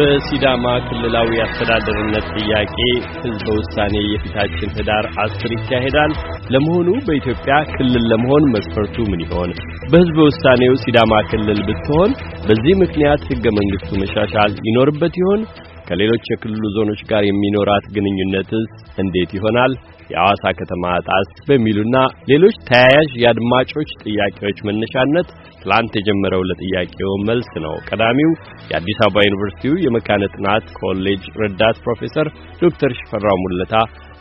በሲዳማ ክልላዊ አስተዳደርነት ጥያቄ ህዝበ ውሳኔ የፊታችን ህዳር አስር ይካሄዳል። ለመሆኑ በኢትዮጵያ ክልል ለመሆን መስፈርቱ ምን ይሆን? በህዝበ ውሳኔው ሲዳማ ክልል ብትሆን በዚህ ምክንያት ህገ መንግስቱ መሻሻል ይኖርበት ይሆን? ከሌሎች የክልሉ ዞኖች ጋር የሚኖራት ግንኙነትስ እንዴት ይሆናል? የአዋሳ ከተማ ጣስ በሚሉና ሌሎች ተያያዥ የአድማጮች ጥያቄዎች መነሻነት ትላንት የጀመረው ለጥያቄው መልስ ነው። ቀዳሚው የአዲስ አበባ ዩኒቨርሲቲው የመካነ ጥናት ኮሌጅ ረዳት ፕሮፌሰር ዶክተር ሽፈራው ሙለታ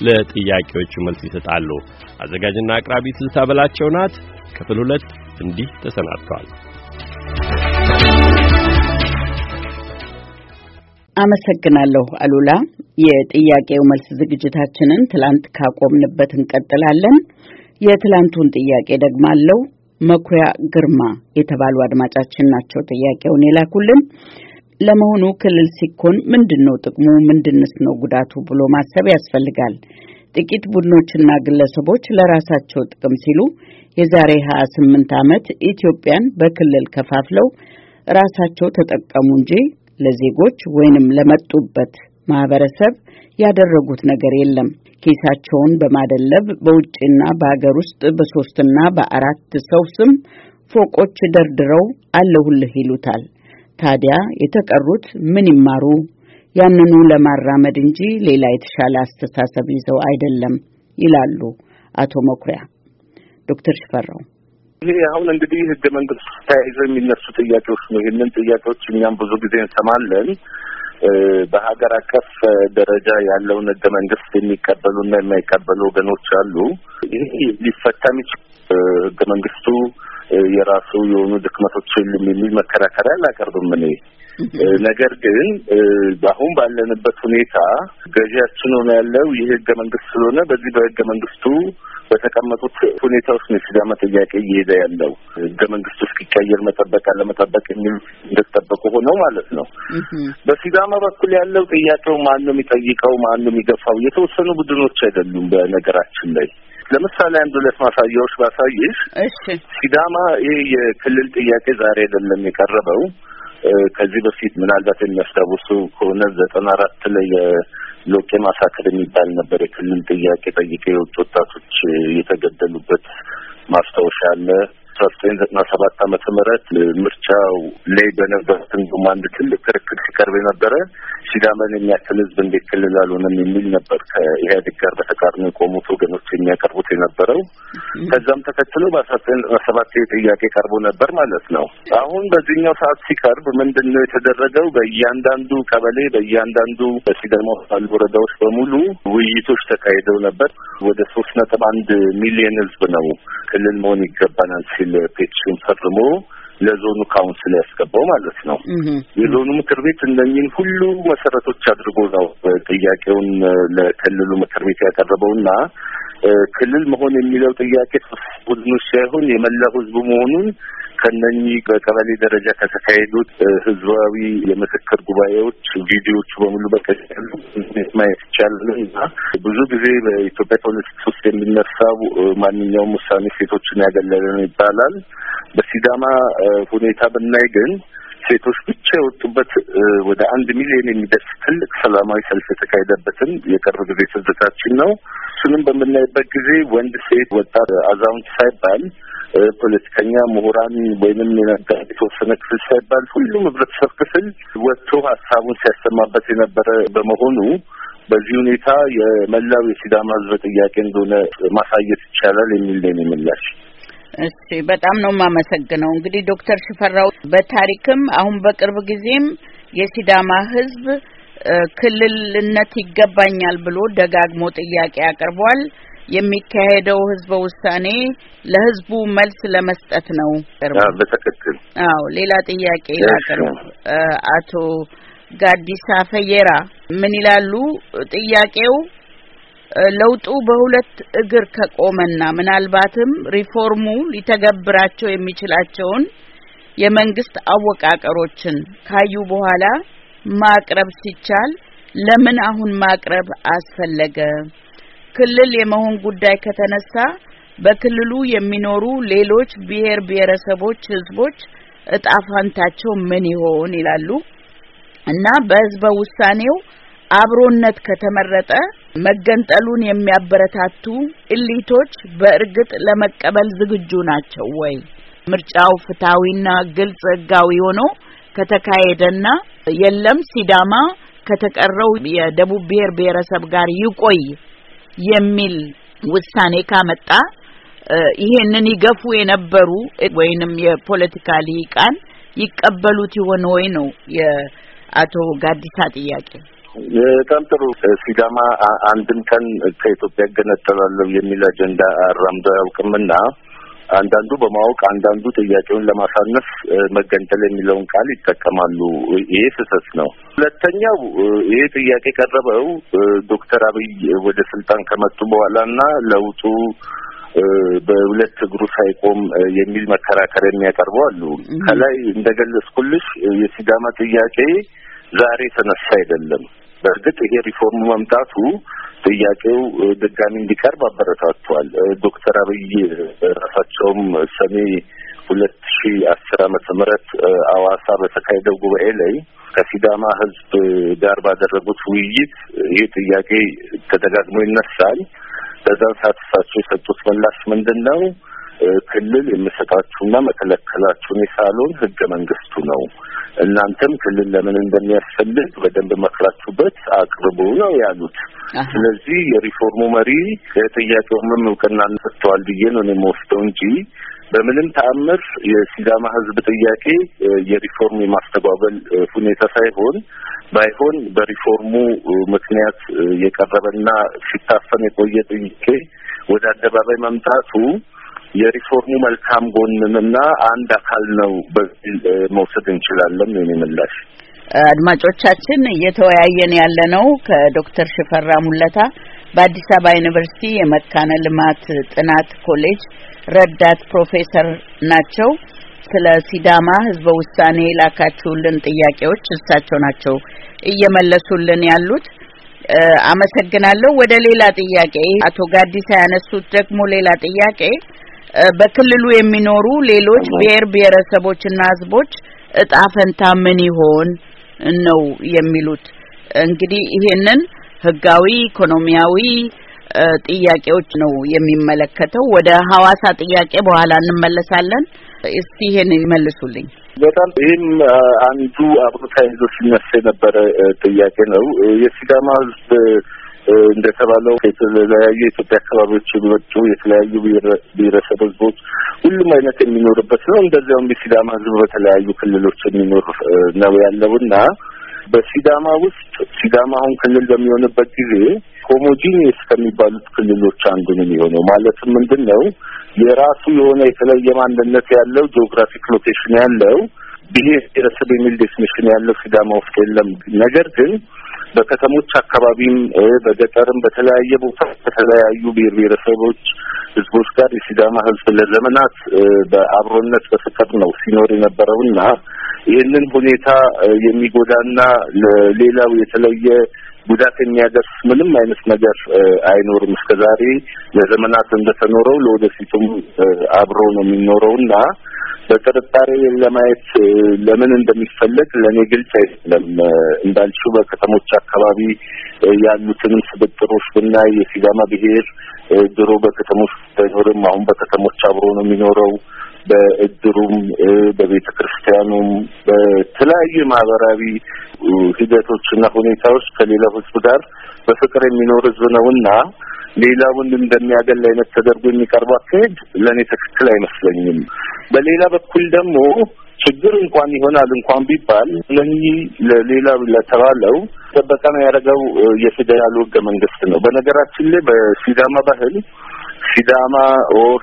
ለጥያቄዎቹ መልስ ይሰጣሉ። አዘጋጅና አቅራቢ ትዝታ በላቸው ናት። ክፍል ሁለት እንዲህ ተሰናድቷል። አመሰግናለሁ አሉላ። የጥያቄው መልስ ዝግጅታችንን ትላንት ካቆምንበት እንቀጥላለን። የትላንቱን ጥያቄ ደግማለው። መኩሪያ ግርማ የተባሉ አድማጫችን ናቸው ጥያቄውን የላኩልን። ለመሆኑ ክልል ሲኮን ምንድን ነው ጥቅሙ? ምንድንስ ነው ጉዳቱ ብሎ ማሰብ ያስፈልጋል። ጥቂት ቡድኖችና ግለሰቦች ለራሳቸው ጥቅም ሲሉ የዛሬ 28 ዓመት ኢትዮጵያን በክልል ከፋፍለው ራሳቸው ተጠቀሙ እንጂ ለዜጎች ወይንም ለመጡበት ማህበረሰብ ያደረጉት ነገር የለም። ኬሳቸውን በማደለብ በውጭና በሀገር ውስጥ በሶስትና በአራት ሰው ስም ፎቆች ደርድረው አለሁልህ ይሉታል። ታዲያ የተቀሩት ምን ይማሩ? ያንኑ ለማራመድ እንጂ ሌላ የተሻለ አስተሳሰብ ይዘው አይደለም ይላሉ አቶ መኩሪያ። ዶክተር ሽፈራው ይሄ አሁን እንግዲህ ህገ መንግስት ተያይዘው የሚነሱ ጥያቄዎች ነው። ይህንን ጥያቄዎች እኛም ብዙ ጊዜ እንሰማለን። በሀገር አቀፍ ደረጃ ያለውን ህገ መንግስት የሚቀበሉና የማይቀበሉ ወገኖች አሉ። ይህ ሊፈታ የሚችል ህገ መንግስቱ የራሱ የሆኑ ድክመቶች የሉም የሚል መከራከሪያ አላቀርብም እኔ። ነገር ግን አሁን ባለንበት ሁኔታ ገዢያችን ሆነ ያለው ይህ ህገ መንግስት ስለሆነ በዚህ በህገ መንግስቱ በተቀመጡት ሁኔታ ውስጥ ነው የሲዳማ ጥያቄ እየሄደ ያለው ህገ መንግስቱ እስኪቀየር መጠበቅ አለመጠበቅ የሚል እንደተጠበቁ ሆነው ማለት ነው። በሲዳማ በኩል ያለው ጥያቄው ማን ነው የሚጠይቀው? ማን ነው የሚገፋው? የተወሰኑ ቡድኖች አይደሉም በነገራችን ላይ ለምሳሌ አንድ ሁለት ማሳያዎች ባሳይሽ። ሲዳማ ይህ የክልል ጥያቄ ዛሬ አይደለም የቀረበው። ከዚህ በፊት ምናልባት የሚያስታውሱ ከሆነ ዘጠና አራት ላይ የሎቄ ማሳከር የሚባል ነበር የክልል ጥያቄ ጠይቄ የወጡ ወጣቶች የተገደሉበት ማስታወሻ አለ። አስራ ዘጠኝ ዘጠና ሰባት ምህረት ምርጫው ላይ በነበረት እንዲሁም አንድ ትልቅ ክርክር ሲቀርብ የነበረ ሲዳመን የሚያክል ህዝብ እንዴት ክልል አልሆነም የሚል ነበር ከኢህአዴግ ጋር በተቃርኖ የቆሙት ወገኖች የሚያቀርቡት የነበረው። ከዛም ተከትሎ በአስራ ዘጠኝ ዘጠና ሰባት ጥያቄ ቀርቦ ነበር ማለት ነው። አሁን በዚህኛው ሰዓት ሲቀርብ ምንድን ነው የተደረገው? በእያንዳንዱ ቀበሌ በእያንዳንዱ በሲዳማ ባሉ ወረዳዎች በሙሉ ውይይቶች ተካሂደው ነበር። ወደ ሶስት ነጥብ አንድ ሚሊዮን ህዝብ ነው ክልል መሆን ይገባናል ሲል የሚል ፔቲሽን ፈርሞ ለዞኑ ካውንስል ያስገባው ማለት ነው። የዞኑ ምክር ቤት እነኝን ሁሉ መሰረቶች አድርጎ ነው ጥያቄውን ለክልሉ ምክር ቤት ያቀረበውና ክልል መሆን የሚለው ጥያቄ ቡድኖች ሳይሆን የመላው ህዝቡ መሆኑን ከነኚህ በቀበሌ ደረጃ ከተካሄዱት ህዝባዊ የምክክር ጉባኤዎች ቪዲዮዎቹ በሙሉ በቀሉ ማየት ይቻላል እና ብዙ ጊዜ በኢትዮጵያ ፖለቲክስ ውስጥ የሚነሳው ማንኛውም ውሳኔ ሴቶችን ያገለለ ነው ይባላል። በሲዳማ ሁኔታ ብናይ ግን ሴቶች ብቻ የወጡበት ወደ አንድ ሚሊዮን የሚደርስ ትልቅ ሰላማዊ ሰልፍ የተካሄደበትን የቅርብ ጊዜ ትዝታችን ነው። እሱንም በምናይበት ጊዜ ወንድ፣ ሴት፣ ወጣት፣ አዛውንት ሳይባል ፖለቲከኛ፣ ምሁራን ወይንም የተወሰነ ክፍል ሳይባል ሁሉም ህብረተሰብ ክፍል ወጥቶ ሀሳቡን ሲያሰማበት የነበረ በመሆኑ በዚህ ሁኔታ የመላው የሲዳማ ህዝብ ጥያቄ እንደሆነ ማሳየት ይቻላል የሚል ነው የምላሽ። እሺ፣ በጣም ነው የማመሰግነው። እንግዲህ ዶክተር ሽፈራው በታሪክም አሁን በቅርብ ጊዜም የሲዳማ ህዝብ ክልልነት ይገባኛል ብሎ ደጋግሞ ጥያቄ አቅርቧል። የሚካሄደው ህዝበ ውሳኔ ለህዝቡ መልስ ለመስጠት ነው። በትክክል አዎ። ሌላ ጥያቄ ላቀርብ። አቶ ጋዲሳ ፈየራ ምን ይላሉ? ጥያቄው ለውጡ በሁለት እግር ከቆመና ምናልባትም ሪፎርሙ ሊተገብራቸው የሚችላቸውን የመንግስት አወቃቀሮችን ካዩ በኋላ ማቅረብ ሲቻል ለምን አሁን ማቅረብ አስፈለገ? ክልል የመሆን ጉዳይ ከተነሳ በክልሉ የሚኖሩ ሌሎች ብሔር ብሔረሰቦች ህዝቦች እጣ ፋንታቸው ምን ይሆን ይላሉ እና በህዝበ ውሳኔው አብሮነት ከተመረጠ መገንጠሉን የሚያበረታቱ ኢሊቶች በእርግጥ ለመቀበል ዝግጁ ናቸው ወይ? ምርጫው ፍትሐዊና ግልጽ ህጋዊ ሆኖ ከተካሄደና የለም ሲዳማ ከተቀረው የደቡብ ብሔር ብሔረሰብ ጋር ይቆይ የሚል ውሳኔ ካመጣ ይሄንን ይገፉ የነበሩ ወይንም የፖለቲካ ሊቃን ይቀበሉት ይሆን ወይ ነው የአቶ ጋዲሳ ጥያቄ። በጣም ጥሩ። ሲዳማ አንድም ቀን ከኢትዮጵያ ይገነጠላለሁ የሚል አጀንዳ አራምዶ አያውቅምና አንዳንዱ በማወቅ አንዳንዱ ጥያቄውን ለማሳነፍ መገንጠል የሚለውን ቃል ይጠቀማሉ። ይሄ ስህተት ነው። ሁለተኛው ይሄ ጥያቄ ቀረበው ዶክተር አብይ ወደ ስልጣን ከመጡ በኋላ እና ለውጡ በሁለት እግሩ ሳይቆም የሚል መከራከሪያ የሚያቀርቡ አሉ። ከላይ እንደገለጽኩልሽ የሲዳማ ጥያቄ ዛሬ ተነሳ አይደለም። በእርግጥ ይሄ ሪፎርም መምጣቱ ጥያቄው ድጋሚ እንዲቀርብ አበረታቷል። ዶክተር አብይ ራሳቸውም ሰኔ ሁለት ሺ አስር አመተ ምህረት አዋሳ በተካሄደው ጉባኤ ላይ ከሲዳማ ህዝብ ጋር ባደረጉት ውይይት ይህ ጥያቄ ተደጋግሞ ይነሳል። በዛን ሰዓት እሳቸው የሰጡት ምላሽ ምንድን ነው? ክልል የምሰጣችሁና መከለከላችሁን የሳሎን ህገ መንግስቱ ነው እናንተም ክልል ለምን እንደሚያስፈልግ በደንብ መክራችሁበት አቅርቡ ነው ያሉት። ስለዚህ የሪፎርሙ መሪ ከጥያቄውም እውቅና ሰጥተዋል ብዬ ነው የምወስደው እንጂ በምንም ተአምር የሲዳማ ሕዝብ ጥያቄ የሪፎርም የማስተጓበል ሁኔታ ሳይሆን ባይሆን በሪፎርሙ ምክንያት የቀረበና ሲታፈን የቆየ ጥያቄ ወደ አደባባይ መምጣቱ የሪፎርሙ መልካም ጎንንና አንድ አካል ነው በዚህ መውሰድ እንችላለን። የኔ ምላሽ አድማጮቻችን፣ እየተወያየን ያለ ነው ከዶክተር ሽፈራ ሙለታ በአዲስ አበባ ዩኒቨርሲቲ የመካነ ልማት ጥናት ኮሌጅ ረዳት ፕሮፌሰር ናቸው። ስለ ሲዳማ ህዝበ ውሳኔ የላካችሁልን ጥያቄዎች እሳቸው ናቸው እየመለሱልን ያሉት። አመሰግናለሁ። ወደ ሌላ ጥያቄ አቶ ጋዲሳ ያነሱት ደግሞ ሌላ ጥያቄ በክልሉ የሚኖሩ ሌሎች ብሔር ብሔረሰቦችና ህዝቦች እጣ ፈንታ ምን ይሆን ነው የሚሉት። እንግዲህ ይሄንን ህጋዊ፣ ኢኮኖሚያዊ ጥያቄዎች ነው የሚመለከተው። ወደ ሀዋሳ ጥያቄ በኋላ እንመለሳለን። እስቲ ይሄን ይመልሱልኝ። በጣም ይህም አንዱ አብሮ ተያይዞ ሲነሳ የነበረ ጥያቄ ነው። የሲዳማ ህዝብ እንደተባለው ከተለያዩ የኢትዮጵያ አካባቢዎች የሚመጡ የተለያዩ ብሔረሰብ ህዝቦች ሁሉም አይነት የሚኖርበት ነው። እንደዚያውም የሲዳማ ህዝብ በተለያዩ ክልሎች የሚኖር ነው ያለው እና በሲዳማ ውስጥ ሲዳማ አሁን ክልል በሚሆንበት ጊዜ ሆሞጂኒየስ ከሚባሉት ክልሎች አንዱ ነው የሚሆነው። ማለትም ምንድን ነው የራሱ የሆነ የተለየ ማንነት ያለው ጂኦግራፊክ ሎኬሽን ያለው ብሄር ብሔረሰብ የሚል ዴፊኒሽን ያለው ሲዳማ ውስጥ የለም። ነገር ግን በከተሞች አካባቢም በገጠርም በተለያየ ቦታ ከተለያዩ ብሔር ብሔረሰቦች ህዝቦች ጋር የሲዳማ ህዝብ ለዘመናት በአብሮነት በፍቅር ነው ሲኖር የነበረውና ይህንን ሁኔታ የሚጎዳና ለሌላው የተለየ ጉዳት የሚያደርስ ምንም አይነት ነገር አይኖርም። እስከ ዛሬ ለዘመናት እንደተኖረው ለወደፊቱም አብሮ ነው የሚኖረውና በጥርጣሬ ለማየት ለምን እንደሚፈለግ ለእኔ ግልጽ አይደለም። እንዳልሽው በከተሞች አካባቢ ያሉትን ስብጥሮች ብናይ የሲዳማ ብሔር ድሮ በከተሞች ባይኖርም አሁን በከተሞች አብሮ ነው የሚኖረው። በእድሩም በቤተ ክርስቲያኑም በተለያዩ ማህበራዊ ሂደቶችና ሁኔታዎች ከሌላው ህዝብ ጋር በፍቅር የሚኖር ህዝብ ነውና ሌላውን እንደሚያገል አይነት ተደርጎ የሚቀርቡ አካሄድ ለእኔ ትክክል አይመስለኝም። በሌላ በኩል ደግሞ ችግር እንኳን ይሆናል እንኳን ቢባል ለህ ለሌላ ለተባለው ጥበቃ ነው ያደረገው የፌዴራሉ ህገ መንግስት ነው። በነገራችን ላይ በሲዳማ ባህል ሲዳማ ኦር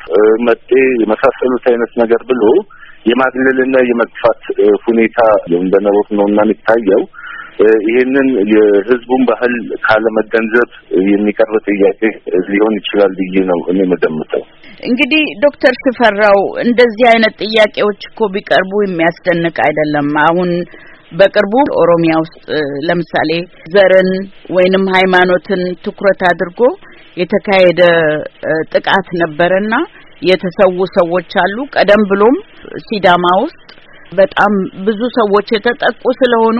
መጤ የመሳሰሉት አይነት ነገር ብሎ የማግለልና የመግፋት ሁኔታ እንደነበሩት ነው እና የሚታየው ይህንን የህዝቡን ባህል ካለመገንዘብ የሚቀርብ ጥያቄ ሊሆን ይችላል ብዬ ነው እኔ መገምተው። እንግዲህ ዶክተር ሽፈራው እንደዚህ አይነት ጥያቄዎች እኮ ቢቀርቡ የሚያስደንቅ አይደለም። አሁን በቅርቡ ኦሮሚያ ውስጥ ለምሳሌ ዘርን ወይንም ሃይማኖትን ትኩረት አድርጎ የተካሄደ ጥቃት ነበረና የተሰዉ ሰዎች አሉ። ቀደም ብሎም ሲዳማ ውስጥ በጣም ብዙ ሰዎች የተጠቁ ስለሆኑ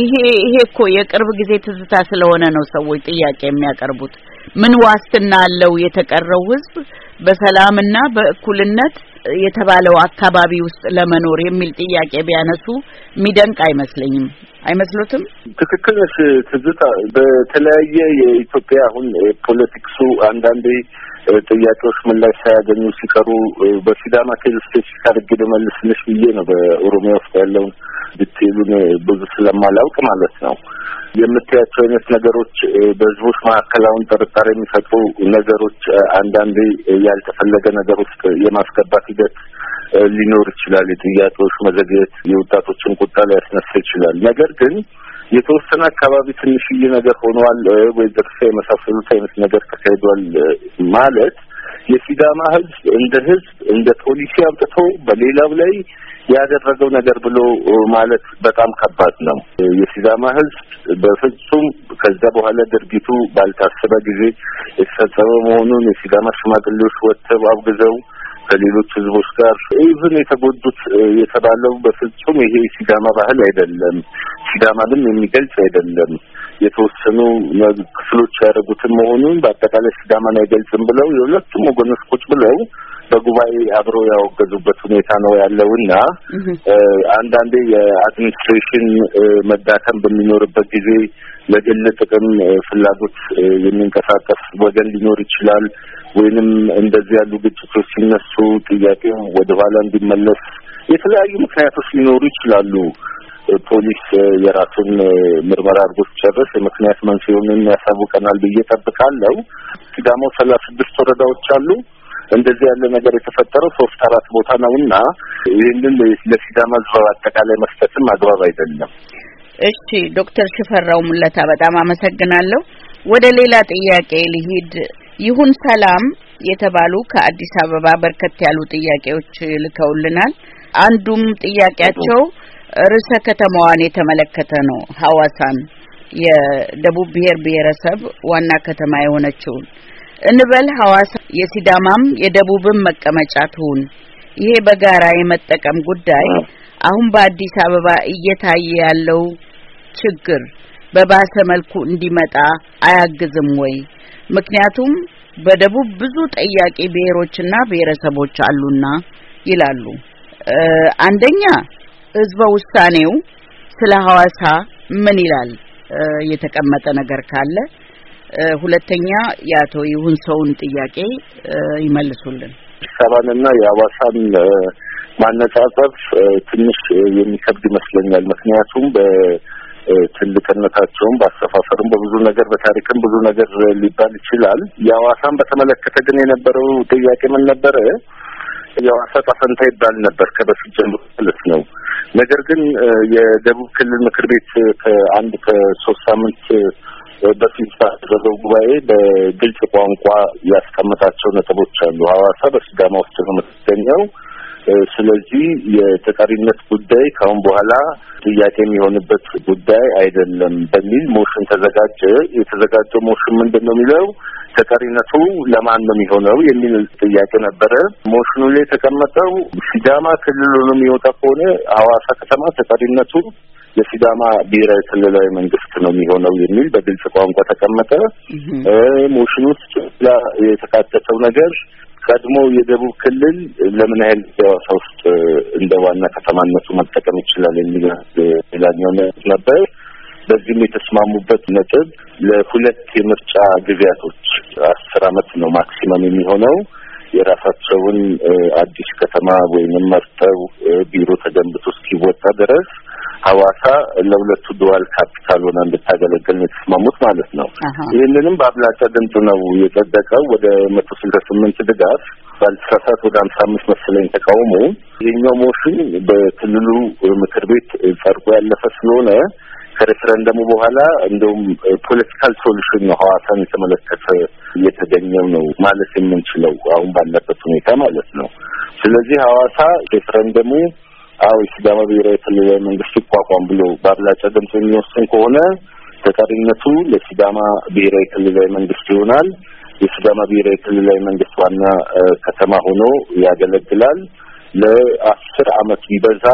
ይሄ ይሄ እኮ የቅርብ ጊዜ ትዝታ ስለሆነ ነው ሰዎች ጥያቄ የሚያቀርቡት። ምን ዋስትና አለው የተቀረው ህዝብ በሰላምና በእኩልነት የተባለው አካባቢ ውስጥ ለመኖር የሚል ጥያቄ ቢያነሱ የሚደንቅ አይመስለኝም። አይመስሉትም? ትክክል ነሽ ትዝታ። በተለያየ የኢትዮጵያ አሁን ፖለቲክሱ አንዳንዴ ጥያቄዎች ምላሽ ሳያገኙ ሲቀሩ በሲዳማ ኬዝ ስፔሲፊክ አድርጌ ልመልስልሽ ብዬ ነው በኦሮሚያ ውስጥ ያለውን ዲቴሉን ብዙ ስለማላውቅ ማለት ነው የምታያቸው አይነት ነገሮች በህዝቦች መካከል አሁን ጥርጣሬ የሚፈጥሩ ነገሮች አንዳንዴ ያልተፈለገ ነገር ውስጥ የማስገባት ሂደት ሊኖር ይችላል። የጥያቄዎች መዘግየት የወጣቶችን ቁጣ ሊያስነሳ ይችላል። ነገር ግን የተወሰነ አካባቢ ትንሽዬ ነገር ሆኗል ወይ ዝርፊያ የመሳሰሉት አይነት ነገር ተካሂዷል ማለት የሲዳማ ህዝብ እንደ ህዝብ እንደ ፖሊሲ አምጥቶ በሌላው ላይ ያደረገው ነገር ብሎ ማለት በጣም ከባድ ነው። የሲዳማ ህዝብ በፍጹም ከዛ በኋላ ድርጊቱ ባልታሰበ ጊዜ የተፈጸመ መሆኑን የሲዳማ ሽማግሌዎች ወጥተው አውግዘው ከሌሎች ህዝቦች ጋር ኢቭን የተጎዱት የተባለው በፍጹም ይሄ ሲዳማ ባህል አይደለም፣ ሲዳማንም የሚገልጽ አይደለም፣ የተወሰኑ ክፍሎች ያደረጉትን መሆኑን በአጠቃላይ ሲዳማን አይገልጽም ብለው የሁለቱም ወገኖች ቁጭ ብለው በጉባኤ አብረው ያወገዙበት ሁኔታ ነው ያለው እና አንዳንዴ የአድሚኒስትሬሽን መዳከም በሚኖርበት ጊዜ ለግል ጥቅም ፍላጎት የሚንቀሳቀስ ወገን ሊኖር ይችላል። ወይንም እንደዚህ ያሉ ግጭቶች ሲነሱ ጥያቄው ወደ ኋላ እንዲመለስ የተለያዩ ምክንያቶች ሊኖሩ ይችላሉ። ፖሊስ የራሱን ምርመራ አድርጎ ሲጨርስ የምክንያት መንስኤውን ያሳውቀናል ብዬ ጠብቃለሁ። ሲዳሞ ሰላሳ ስድስት ወረዳዎች አሉ። እንደዚህ ያለ ነገር የተፈጠረው ሶስት አራት ቦታ ነው እና ይህንን ለሲዳማ ሕዝብ አጠቃላይ መስጠትም አግባብ አይደለም። እሺ ዶክተር ሽፈራው ሙለታ በጣም አመሰግናለሁ። ወደ ሌላ ጥያቄ ልሂድ። ይሁን ሰላም የተባሉ ከአዲስ አበባ በርከት ያሉ ጥያቄዎች ልከውልናል። አንዱም ጥያቄያቸው ርዕሰ ከተማዋን የተመለከተ ነው። ሐዋሳን የደቡብ ብሔር ብሔረሰብ ዋና ከተማ የሆነችውን እንበል ሐዋሳ የሲዳማም የደቡብም መቀመጫ ትሁን። ይሄ በጋራ የመጠቀም ጉዳይ አሁን በአዲስ አበባ እየታየ ያለው ችግር በባሰ መልኩ እንዲመጣ አያግዝም ወይ? ምክንያቱም በደቡብ ብዙ ጠያቂ ብሔሮችና ብሔረሰቦች አሉና ይላሉ። አንደኛ ህዝበ ውሳኔው ስለ ሐዋሳ ምን ይላል? የተቀመጠ ነገር ካለ ሁለተኛ የአቶ ይሁን ሰውን ጥያቄ ይመልሱልን። ሰባንና የሐዋሳን ማነጻጸር ትንሽ የሚከብድ ይመስለኛል። ምክንያቱም ትልቅነታቸውም በአሰፋፈርም በብዙ ነገር በታሪክም ብዙ ነገር ሊባል ይችላል። የሐዋሳን በተመለከተ ግን የነበረው ጥያቄ ምን ነበረ? የሐዋሳ ጣፈንታ ይባል ነበር ከበፊት ጀምሮ ማለት ነው። ነገር ግን የደቡብ ክልል ምክር ቤት ከአንድ ከሶስት ሳምንት በፊት ባደረገው ጉባኤ በግልጽ ቋንቋ ያስቀመጣቸው ነጥቦች አሉ። ሐዋሳ በሲዳማ ውስጥ ነው የምትገኘው ስለዚህ የተጠሪነት ጉዳይ ከአሁን በኋላ ጥያቄ የሚሆንበት ጉዳይ አይደለም በሚል ሞሽን ተዘጋጀ። የተዘጋጀው ሞሽን ምንድን ነው የሚለው ተጠሪነቱ ለማን ነው የሚሆነው የሚል ጥያቄ ነበረ። ሞሽኑ ላይ የተቀመጠው ሲዳማ ክልል ነው የሚወጣ ከሆነ ሐዋሳ ከተማ ተጠሪነቱ የሲዳማ ብሔራዊ ክልላዊ መንግስት ነው የሚሆነው የሚል በግልጽ ቋንቋ ተቀመጠ። ሞሽኑ ውስጥ የተካተተው ነገር ቀድሞ የደቡብ ክልል ለምን ያህል ሐዋሳ ውስጥ እንደ ዋና ከተማነቱ መጠቀም ይችላል የሚል ሌላኛው ነበር። በዚህም የተስማሙበት ነጥብ ለሁለት የምርጫ ጊዜያቶች አስር አመት ነው ማክሲመም የሚሆነው የራሳቸውን አዲስ ከተማ ወይንም መርጠው ቢሮ ተገንብቶ እስኪወጣ ድረስ ሀዋሳ ለሁለቱ ዱዋል ካፒታል ሆና እንድታገለግል ነው የተስማሙት ማለት ነው። ይህንንም በአብላጫ ድምፅ ነው የጸደቀው። ወደ መቶ ስልሳ ስምንት ድጋፍ ባልተሳሳት ወደ ሀምሳ አምስት መሰለኝ ተቃውሞ። ይህኛው ሞሽን በክልሉ ምክር ቤት ጸድቆ ያለፈ ስለሆነ ከሬፈረንደሙ በኋላ እንደውም ፖለቲካል ሶሉሽን ነው ሀዋሳን የተመለከተ እየተገኘው ነው ማለት የምንችለው አሁን ባለበት ሁኔታ ማለት ነው። ስለዚህ ሀዋሳ ሬፈረንደሙ አዎ ሲዳማ ብሔራዊ ክልላዊ መንግስት ይቋቋም ብሎ በአብላጫ ድምፅ የሚወስን ከሆነ ተቀሪነቱ ለሲዳማ ብሔራዊ ክልላዊ መንግስት ይሆናል። የሲዳማ ብሔራዊ ክልላዊ መንግስት ዋና ከተማ ሆኖ ያገለግላል። ለአስር አመት ቢበዛ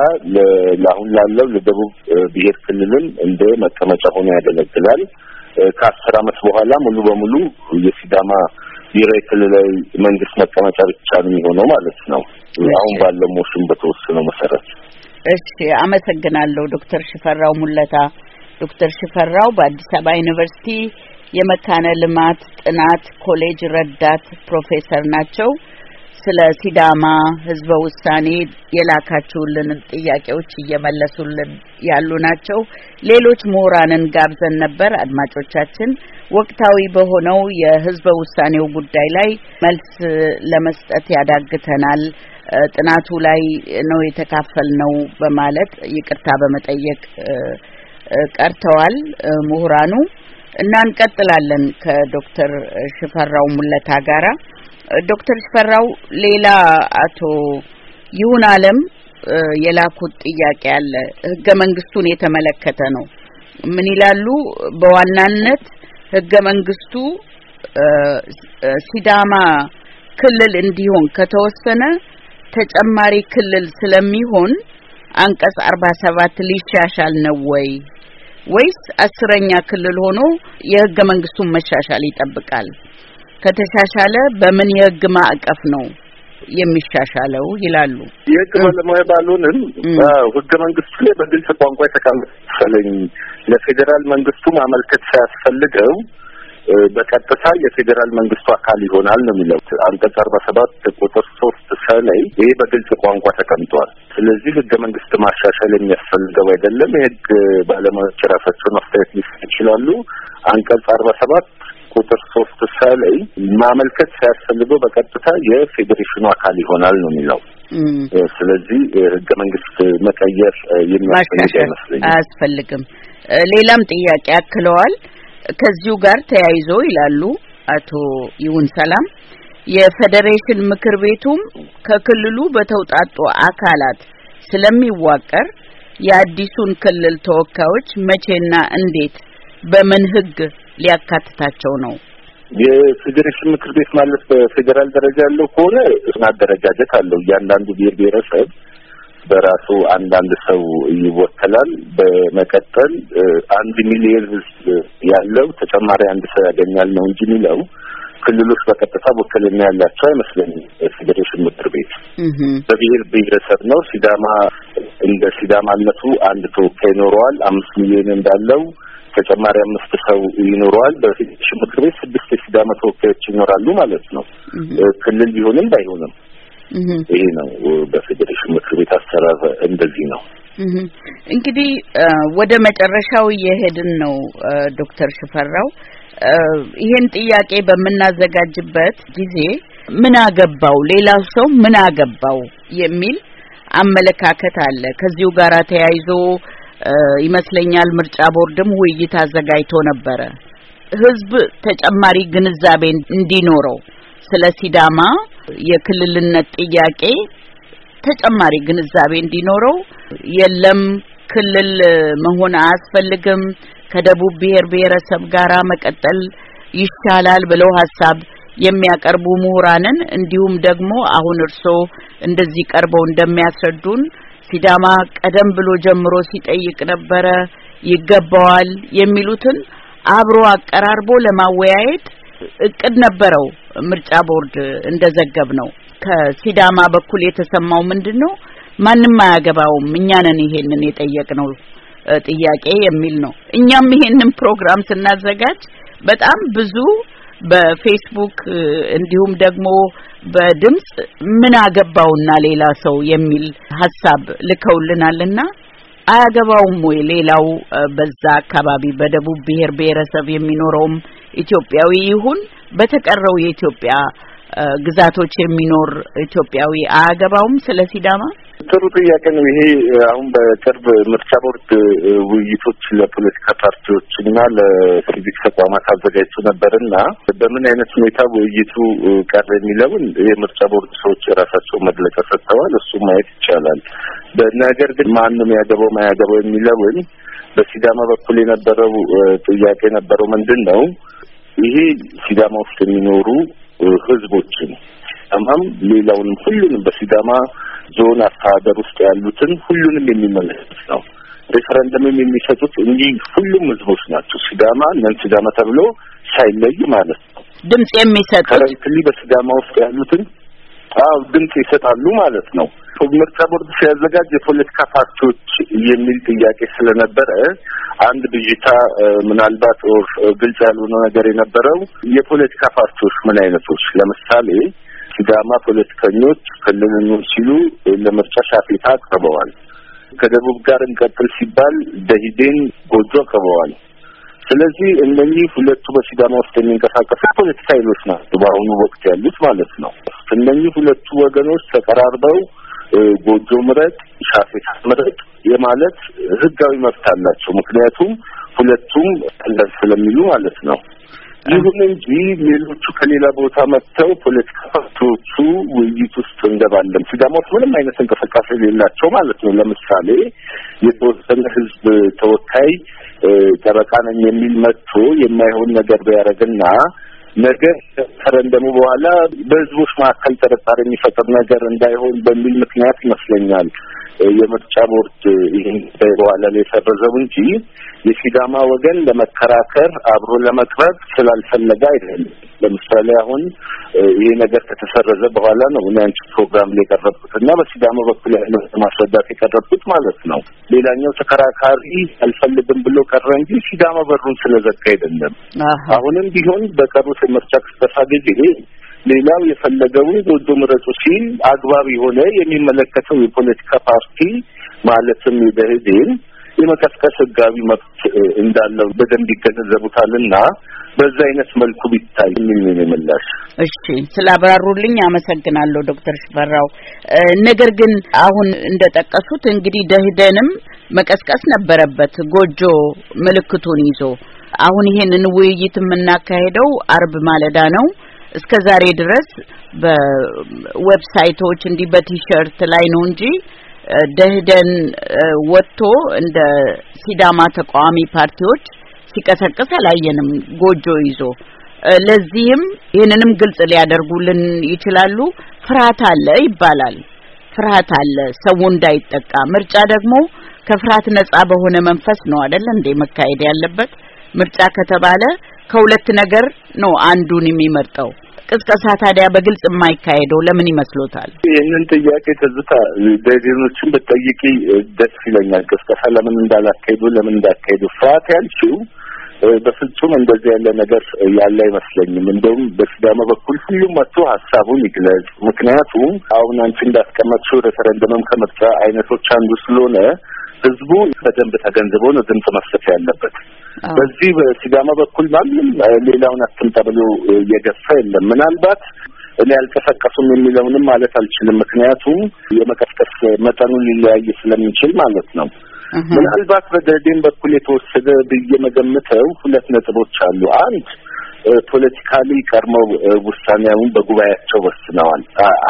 ለአሁን ላለው ለደቡብ ብሔር ክልልም እንደ መቀመጫ ሆኖ ያገለግላል። ከአስር አመት በኋላ ሙሉ በሙሉ የሲዳማ ብሔራዊ ክልላዊ መንግስት መቀመጫ ብቻ ነው የሚሆነው ማለት ነው። አሁን ባለው ሞሽን በተወሰነው መሰረት። እሺ አመሰግናለሁ ዶክተር ሽፈራው ሙለታ። ዶክተር ሽፈራው በአዲስ አበባ ዩኒቨርሲቲ የመካነ ልማት ጥናት ኮሌጅ ረዳት ፕሮፌሰር ናቸው። ስለ ሲዳማ ህዝበ ውሳኔ የላካችሁልን ጥያቄዎች እየመለሱልን ያሉ ናቸው። ሌሎች ምሁራንን ጋብዘን ነበር። አድማጮቻችን ወቅታዊ በሆነው የህዝበ ውሳኔው ጉዳይ ላይ መልስ ለመስጠት ያዳግተናል ጥናቱ ላይ ነው ነው በማለት ይቅርታ በመጠየቅ ቀርተዋል ምሁራኑ እና እንቀጥላለን ከዶክተር ሽፈራው ሙለታ ጋራ። ዶክተር ሽፈራው ሌላ አቶ ይሁን አለም የላኩት ጥያቄ አለ። ህገ መንግስቱን የተመለከተ ነው። ምን ይላሉ? በዋናነት ህገ መንግስቱ ሲዳማ ክልል እንዲሆን ከተወሰነ ተጨማሪ ክልል ስለሚሆን አንቀጽ 47 ሊሻሻል ነው ወይ ወይስ አስረኛ ክልል ሆኖ የህገ መንግስቱን መሻሻል ይጠብቃል? ከተሻሻለ በምን የህግ ማዕቀፍ ነው የሚሻሻለው ይላሉ። የህግ ባለሙያ ባልሆንም ህገ መንግስቱ ላይ በግልጽ ቋንቋ የተካለለኝ ለፌዴራል መንግስቱ ማመልከት ሳያስፈልገው በቀጥታ የፌዴራል መንግስቱ አካል ይሆናል ነው የሚለው አንቀጽ አርባ ሰባት ቁጥር ሶስት ሰ ላይ ይህ በግልጽ ቋንቋ ተቀምጧል። ስለዚህ ህገ መንግስት ማሻሻል የሚያስፈልገው አይደለም። የህግ ባለሙያዎች የራሳቸውን አስተያየት ሊሰጡ ይችላሉ። አንቀጽ አርባ ሰባት ቁጥር ሶስት ሰ ላይ ማመልከት ሳያስፈልገው በቀጥታ የፌዴሬሽኑ አካል ይሆናል ነው የሚለው። ስለዚህ ህገ መንግስት መቀየር የሚያስፈልግ አይመስለኝም፣ አያስፈልግም። ሌላም ጥያቄ አክለዋል። ከዚሁ ጋር ተያይዞ ይላሉ አቶ ይሁን ሰላም የፌዴሬሽን ምክር ቤቱም ከክልሉ በተውጣጡ አካላት ስለሚዋቀር የአዲሱን ክልል ተወካዮች መቼና እንዴት በምን ህግ ሊያካትታቸው ነው? የፌዴሬሽን ምክር ቤት ማለት በፌዴራል ደረጃ ያለው ከሆነ ስናት አደረጃጀት አለው። እያንዳንዱ ብሔር ብሔረሰብ በራሱ አንዳንድ ሰው ይወከላል። በመቀጠል አንድ ሚሊየን ህዝብ ያለው ተጨማሪ አንድ ሰው ያገኛል ነው እንጂ የሚለው ክልሎች በቀጥታ ውክልና ያላቸው አይመስለኝም። ፌዴሬሽን ምክር ቤት በብሔር ብሔረሰብ ነው። ሲዳማ እንደ ሲዳማነቱ አንድ ተወካይ ይኖረዋል። አምስት ሚሊዮን እንዳለው ተጨማሪ አምስት ሰው ይኖረዋል። በፌዴሬሽን ምክር ቤት ስድስት የሲዳማ ተወካዮች ይኖራሉ ማለት ነው። ክልል ቢሆንም ባይሆንም ይሄ ነው በፌዴሬሽን ምክር ቤት አሰራር እንደዚህ ነው። እንግዲህ ወደ መጨረሻው እየሄድን ነው ዶክተር ሽፈራው ይሄን ጥያቄ በምናዘጋጅበት ጊዜ ምን አገባው ሌላው ሰው ምን አገባው የሚል አመለካከት አለ። ከዚሁ ጋር ተያይዞ ይመስለኛል ምርጫ ቦርድም ውይይት አዘጋጅቶ ነበረ። ህዝብ ተጨማሪ ግንዛቤ እንዲኖረው ስለ ሲዳማ የክልልነት ጥያቄ ተጨማሪ ግንዛቤ እንዲኖረው የለም ክልል መሆን አያስፈልግም፣ ከደቡብ ብሔር ብሔረሰብ ጋራ መቀጠል ይሻላል ብለው ሀሳብ የሚያቀርቡ ምሁራንን እንዲሁም ደግሞ አሁን እርሶ እንደዚህ ቀርበው እንደሚያስረዱን ሲዳማ ቀደም ብሎ ጀምሮ ሲጠይቅ ነበረ ይገባዋል የሚሉትን አብሮ አቀራርቦ ለማወያየት እቅድ ነበረው። ምርጫ ቦርድ እንደዘገብ ነው ከሲዳማ በኩል የተሰማው ምንድን ነው ማንም አያገባውም እኛ ነን ይሄንን የጠየቅነው ጥያቄ የሚል ነው። እኛም ይሄንን ፕሮግራም ስናዘጋጅ በጣም ብዙ በፌስቡክ እንዲሁም ደግሞ በድምጽ ምን አገባውና ሌላ ሰው የሚል ሀሳብ ልከውልናልና አያገባውም ወይ ሌላው በዛ አካባቢ በደቡብ ብሔር ብሔረሰብ የሚኖረውም ኢትዮጵያዊ ይሁን በተቀረው የኢትዮጵያ ግዛቶች የሚኖር ኢትዮጵያዊ አያገባውም? ስለ ሲዳማ ጥሩ ጥያቄ ነው። ይሄ አሁን በቅርብ ምርጫ ቦርድ ውይይቶች ለፖለቲካ ፓርቲዎች እና ለሲቪክ ተቋማት አዘጋጅቶ ነበር እና በምን አይነት ሁኔታ ውይይቱ ቀረ የሚለውን የምርጫ ቦርድ ሰዎች የራሳቸው መግለጫ ሰጥተዋል። እሱ ማየት ይቻላል። ነገር ግን ማንም ያገባው ማያገባው የሚለውን በሲዳማ በኩል የነበረው ጥያቄ የነበረው ምንድን ነው ይሄ ሲዳማ ውስጥ የሚኖሩ ህዝቦችን አማም ሌላውንም ሁሉንም በሲዳማ ዞን አስተዳደር ውስጥ ያሉትን ሁሉንም የሚመለከት ነው። ሬፈረንደምም የሚሰጡት እንዲህ ሁሉም ህዝቦች ናቸው። ሲዳማ ነን ሲዳማ ተብሎ ሳይለይ ማለት ነው። ድምጽ የሚሰጡት ከረንትሊ በሲዳማ ውስጥ ያሉትን አው ድምጽ ይሰጣሉ ማለት ነው። ምርጫ ቦርድ ሲያዘጋጅ የፖለቲካ ፓርቲዎች የሚል ጥያቄ ስለነበረ አንድ ብዥታ ምናልባት ኦር ግልጽ ያልሆነ ነገር የነበረው የፖለቲካ ፓርቲዎች ምን አይነቶች ለምሳሌ ሲዳማ ፖለቲከኞች ክልልን ሲሉ ለምርጫ ሻፌታ አቅርበዋል። ከደቡብ ጋር እንቀጥል ሲባል ደሂዴን ጎጆ አቅርበዋል። ስለዚህ እነኚህ ሁለቱ በሲዳማ ውስጥ የሚንቀሳቀሱ ፖለቲካ ኃይሎች ናቸው፣ በአሁኑ ወቅት ያሉት ማለት ነው። እነኚህ ሁለቱ ወገኖች ተቀራርበው ጎጆ ምረጥ፣ ሻፌት ምረጥ የማለት ህጋዊ መብት አላቸው። ምክንያቱም ሁለቱም ቀለል ስለሚሉ ማለት ነው። ይሁን እንጂ ሌሎቹ ከሌላ ቦታ መጥተው ፖለቲካ ፓርቲዎቹ ውይይት ውስጥ እንገባለን። ሲዳማዎች ምንም አይነት እንቅስቃሴ ሌላቸው ማለት ነው። ለምሳሌ የተወሰነ ህዝብ ተወካይ ጠበቃ ነኝ የሚል መጥቶ የማይሆን ነገር ቢያደርግና ነገር ከረንደሙ በኋላ በህዝቦች መካከል ጥርጣሬ የሚፈጥር ነገር እንዳይሆን በሚል ምክንያት ይመስለኛል የምርጫ ቦርድ ይህን በኋላ ላይ የሰረዘው እንጂ የሲዳማ ወገን ለመከራከር አብሮ ለመቅረብ ስላልፈለገ አይደለም። ለምሳሌ አሁን ይህ ነገር ከተሰረዘ በኋላ ነው እኔ አንቺ ፕሮግራም ላይ የቀረብኩት እና በሲዳማ በኩል ያለው ማስረዳት የቀረብኩት ማለት ነው። ሌላኛው ተከራካሪ አልፈልግም ብሎ ቀረ እንጂ ሲዳማ በሩን ስለዘጋ አይደለም። አሁንም ቢሆን በቀሩት የምርጫ ክስተፋ ጊዜ ሌላው የፈለገውን ጎጆ ምረጡ ሲል አግባብ የሆነ የሚመለከተው የፖለቲካ ፓርቲ ማለትም የደህዴን የመቀስቀስ ህጋዊ መብት እንዳለው በደንብ ይገነዘቡታልና በዛ አይነት መልኩ ቢታይ የሚል የምላሽ። እሺ ስላብራሩልኝ አመሰግናለሁ ዶክተር ሽፈራው። ነገር ግን አሁን እንደጠቀሱት እንግዲህ ደህደንም መቀስቀስ ነበረበት ጎጆ ምልክቱን ይዞ። አሁን ይሄንን ውይይት የምናካሄደው አርብ ማለዳ ነው። እስከ ዛሬ ድረስ በዌብሳይቶች እንዲህ በቲሸርት ላይ ነው እንጂ ደህደን ወጥቶ እንደ ሲዳማ ተቃዋሚ ፓርቲዎች ሲቀሰቅስ አላየንም ጎጆ ይዞ። ለዚህም ይህንንም ግልጽ ሊያደርጉልን ይችላሉ። ፍርሃት አለ ይባላል። ፍርሃት አለ ሰው እንዳይጠቃ። ምርጫ ደግሞ ከፍርሃት ነጻ በሆነ መንፈስ ነው አይደል እንዴ መካሄድ ያለበት። ምርጫ ከተባለ ከሁለት ነገር ነው አንዱን የሚመርጠው። ቅስቀሳ ታዲያ በግልጽ የማይካሄደው ለምን ይመስሎታል? ይህንን ጥያቄ ትዝታ ደዜኖችን ብትጠይቂ ደስ ይለኛል። ቅስቀሳ ለምን እንዳላካሄዱ ለምን እንዳካሄዱ ፍርሃት ያልችው በፍጹም እንደዚህ ያለ ነገር ያለ አይመስለኝም። እንደውም በሲዳማ በኩል ሁሉም መጥቶ ሀሳቡን ይግለጽ። ምክንያቱም አሁን አንቺ እንዳስቀመጥሽው ሬፈረንደምም ከምርጫ አይነቶች አንዱ ስለሆነ ህዝቡ በደንብ ተገንዝቦ ነው ድምጽ መስጠት ያለበት። በዚህ በሲዳማ በኩል ማንም ሌላውን አትምጣ ብሎ እየገፋ የለም። ምናልባት እኔ አልቀሰቀሱም የሚለውንም ማለት አልችልም። ምክንያቱም የመቀስቀስ መጠኑ ሊለያይ ስለሚችል ማለት ነው። ምናልባት በደርዴን በኩል የተወሰደ ብዬ መገምተው ሁለት ነጥቦች አሉ። አንድ ፖለቲካሊ ቀድመው ውሳኔውን በጉባኤያቸው ወስነዋል።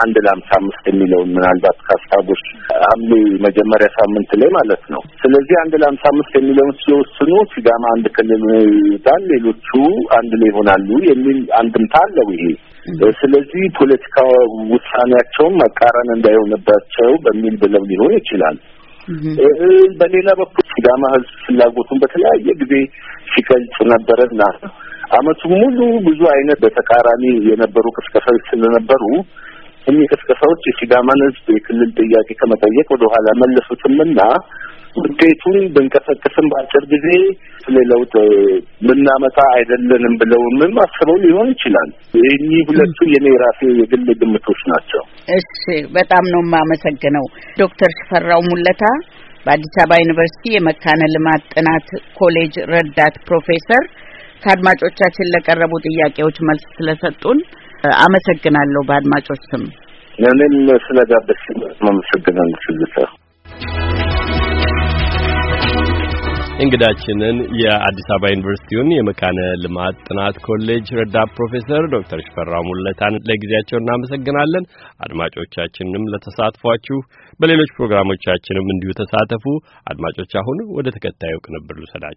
አንድ ለአምሳ አምስት የሚለውን ምናልባት ከሀሳቦች ሐምሌ መጀመሪያ ሳምንት ላይ ማለት ነው። ስለዚህ አንድ ለአምሳ አምስት የሚለውን ሲወስኑ ሲዳማ አንድ ክልል ይዛል፣ ሌሎቹ አንድ ላይ ይሆናሉ የሚል አንድምታ አለው ይሄ ስለዚህ ፖለቲካ ውሳኔያቸውን መቃረን እንዳይሆንባቸው በሚል ብለው ሊሆን ይችላል። በሌላ በኩል ሲዳማ ሕዝብ ፍላጎቱን በተለያየ ጊዜ ሲገልጽ ነበረና አመቱ ሙሉ ብዙ አይነት በተቃራኒ የነበሩ ቅስቀሳዎች ስለነበሩ እኒህ ቅስቀሳዎች የሲዳማን ህዝብ የክልል ጥያቄ ከመጠየቅ ወደኋላ መለሱትምና ውጤቱን ብንቀሰቅስም በአጭር ጊዜ ስለ ለውጥ ምናመጣ አይደለንም ብለው ምን አስበው ሊሆን ይችላል። እኚህ ሁለቱ የኔ ራሴ የግል ግምቶች ናቸው። እሺ፣ በጣም ነው የማመሰግነው ዶክተር ሽፈራው ሙለታ በአዲስ አበባ ዩኒቨርሲቲ የመካነ ልማት ጥናት ኮሌጅ ረዳት ፕሮፌሰር ከአድማጮቻችን ለቀረቡ ጥያቄዎች መልስ ስለሰጡን አመሰግናለሁ። በአድማጮች ስም እኔም ስለጋበሽ አመሰግናለሁ እንግዳችንን የአዲስ አበባ ዩኒቨርሲቲውን የመካነ ልማት ጥናት ኮሌጅ ረዳት ፕሮፌሰር ዶክተር ሽፈራው ሙለታን ለጊዜያቸው እናመሰግናለን። አድማጮቻችንም ለተሳትፏችሁ፣ በሌሎች ፕሮግራሞቻችንም እንዲሁ ተሳተፉ። አድማጮች አሁን ወደ ተከታዩ ቅንብር ልውሰዳችሁ።